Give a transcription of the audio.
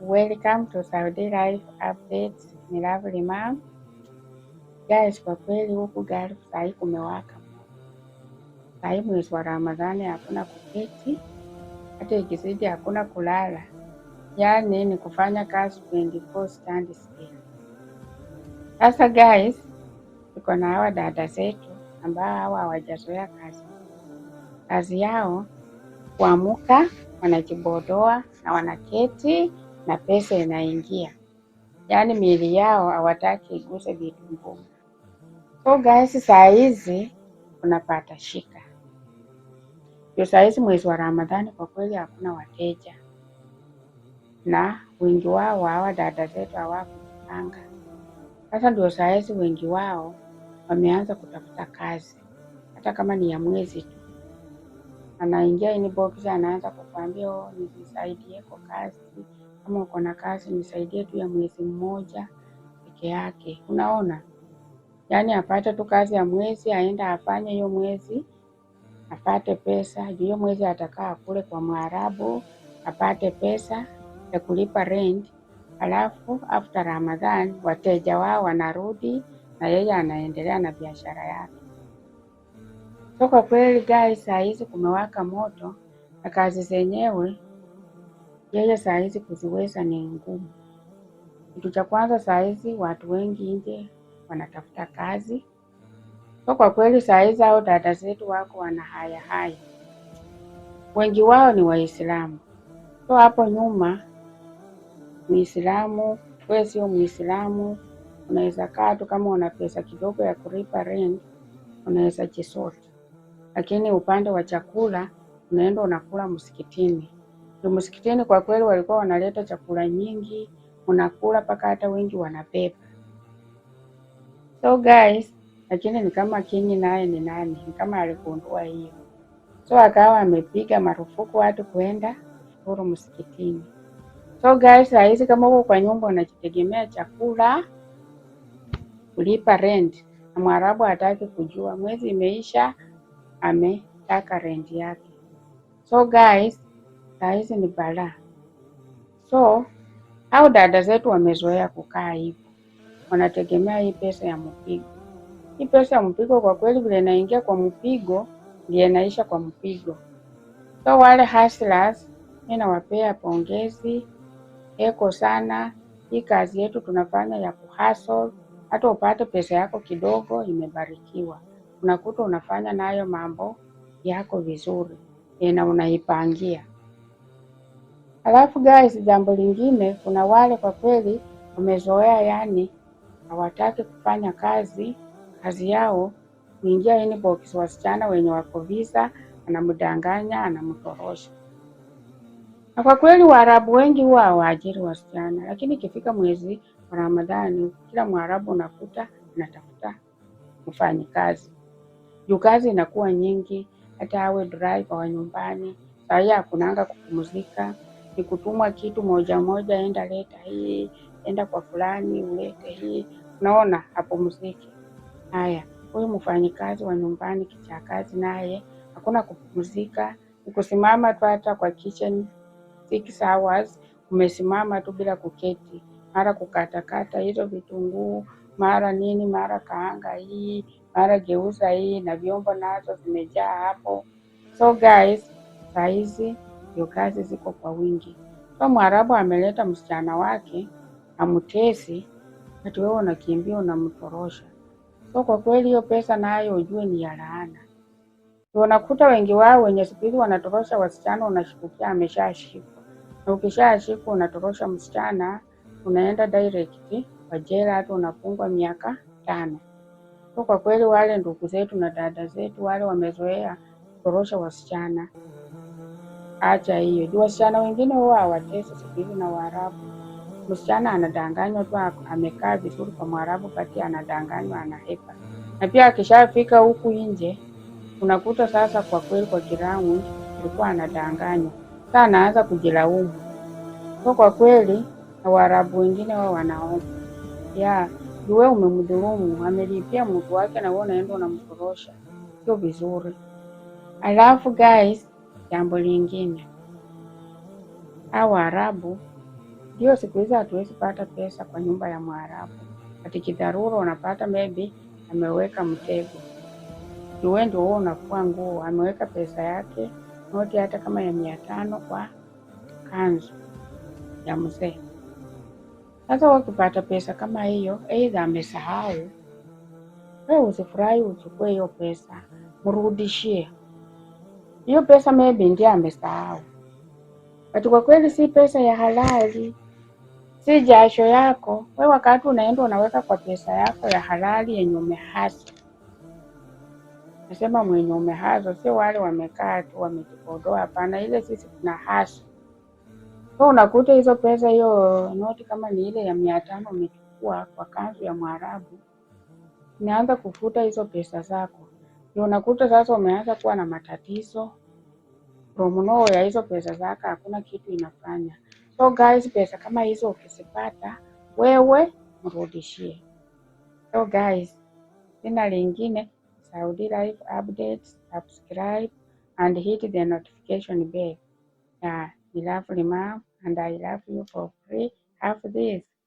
Welcome to Saudi Life Updates. Ni Lovely Mom. Guys, kwa kweli huku Gulf sahii kumewaka, sahii mwezi wa Ramadhani, hakuna kuketi, hata ikizidi hakuna kulala, yaani ni kufanya kazi 24 stand Sasa guys, tuko na hawa dada zetu ambao hawa hawajazoea kazi, kazi yao kuamuka, wanajibodoa na wanaketi na pesa inaingia, yaani miili yao hawataki iguse vitu ngumu. So guys, saa hizi unapata shika juu saa hizi mwezi wa Ramadhani kwa kweli hakuna wateja, na wengi wao hawa dada zetu hawakujipanga. Sasa ndio saa hizi wengi wao wameanza kutafuta kazi, hata kama ni ya mwezi tu. Anaingia inbox anaanza kukwambia, oh, nisaidie kwa kazi kama uko na kazi nisaidie tu ya mwezi mmoja peke yake, unaona yaani apate tu kazi ya mwezi, aenda afanye hiyo mwezi, apate pesa juu hiyo mwezi atakaa kule kwa Mwarabu, apate pesa ya kulipa rent, alafu after Ramadhan wateja wao wanarudi na yeye anaendelea na biashara yake. So kwa kweli guys, saa hizi kumewaka moto na kazi zenyewe yeye saa hizi kuziweza ni ngumu. Kitu cha kwanza saa hizi watu wengi nje wanatafuta kazi, so kwa kweli saa hizi hao dada zetu wako wana haya haya, wengi wao ni Waislamu. So hapo nyuma Muislamu wewe sio Muislamu, unaweza kaa tu, kama una pesa kidogo ya kulipa rent unaweza jisoti, lakini upande wa chakula unaenda unakula msikitini. Msikitini kwa kweli walikuwa wanaleta chakula nyingi, unakula mpaka hata wengi wanapepa. So guys, lakini ni kama Kingi naye ni nani, ni kama aligundua hiyo, so akawa amepiga marufuku watu kuenda kufuru msikitini. So guys, sahizi kama uko kwa nyumba unajitegemea chakula, kulipa rent, na Mwarabu hataki kujua, mwezi imeisha, ametaka rent yake. So guys saa hizi ni balaa. So au dada zetu wamezoea kukaa hivyo, wanategemea hii pesa ya mpigo. Hii pesa ya mpigo kwa kweli, vile inaingia kwa mpigo ndiye inaisha kwa mpigo. So wale hustlers, mimi nawapea pongezi eko sana. Hii kazi yetu tunafanya ya kuhustle, hata upate pesa yako kidogo, imebarikiwa unakuta unafanya nayo mambo yako vizuri ena unaipangia alafu guys, jambo lingine, kuna wale kwa kweli wamezoea, yani hawataki kufanya kazi, kazi yao kuingia inbox wasichana wenye wako visa, anamdanganya anamtorosha. Na kwa kweli Waarabu wengi huwa hawaajiri wasichana, lakini ikifika mwezi wa Ramadhani kila Mwarabu unakuta anatafuta kazi juu kazi inakuwa nyingi, hata awe driver wa nyumbani, saa hii hakunanga kupumzika ni kutumwa kitu moja moja, enda leta hii, enda kwa fulani ulete hii. Unaona, hapumziki. Haya, huyu mfanyikazi wa nyumbani kichakazi, naye hakuna kupumzika, ni kusimama tu, hata kwa kitchen six hours umesimama tu bila kuketi, mara kukatakata hizo vitunguu, mara nini, mara kaanga hii, mara geuza hii, na vyombo nazo zimejaa hapo. So guys, saizi hivyo kazi ziko kwa wingi. Kwa Mwarabu ameleta msichana wake amtesi, ati wewe unakimbia unamtorosha. So kwa kweli hiyo pesa nayo ujue ni ya laana. Unakuta wengi wao wenye siku hizi wanatorosha wasichana, unashtukia ameshashikwa, na ukishashikwa unatorosha msichana unaenda direct kwa jela, hata unafungwa miaka tano. So kwa kweli wale ndugu zetu na dada zetu wale wamezoea kutorosha wasichana. Acha hiyo, wasichana wengine huwa hawatesi siku hizi na Waarabu. Msichana anadanganywa tu, amekaa vizuri kwa Mwarabu, kati anadanganywa, anahepa. Na pia akishafika huku nje unakuta sasa, kwa kweli, kwa kiramu alikuwa anadanganywa, sasa anaanza kujilaumu. So kwa kweli na Waarabu wengine wao wanaomba ya wewe umemdhulumu, amelipia mtu wake, na wewe unaenda unamkorosha. sio vizuri. Alafu guys Jambo lingine, hao Waarabu ndio siku hizi hatuwezi pata pesa kwa nyumba ya Mwarabu, ati kidharura unapata maybe ameweka mtego uwe ndio huo unafua nguo, ameweka pesa yake noti hata kama ya mia tano kwa kanzu ya mzee. Sasa wakipata pesa kama hiyo, aidha amesahau, wewe usifurahi, uchukue hiyo pesa mrudishie hiyo pesa maybe ndiye amesahau, kati kwa kweli si pesa ya halali, si jasho yako we. Wakati unaenda unaweka kwa pesa yako ya halali yenye umehasa, nasema mwenye umehasa, sio wale wamekaa tu wamejipodoa. Hapana, ile sisi tuna hasa so, unakuta hizo pesa, hiyo noti kama ni ile ya mia tano umechukua kwa kanzu ya Mwarabu, unaanza kufuta hizo pesa zako ndio unakuta sasa umeanza kuwa na matatizo promuno ya hizo pesa zako, hakuna kitu inafanya. So guys, pesa kama hizo ukizipata wewe mrudishie. So guys, sina lingine. Saudi Life updates, subscribe and hit the notification bell. Yeah, I love you mom and I love you for free. Have this.